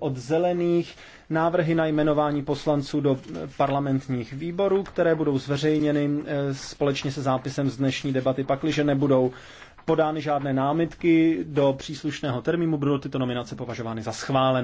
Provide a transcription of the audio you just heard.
od zelených návrhy na jmenování poslanců do parlamentních výborů, které budou zveřejněny eh, společně se zápisem z dnešní debaty. Pakliže nebudou podány žádné námitky do příslušného termínu, budou tyto nominace považovány za schválené.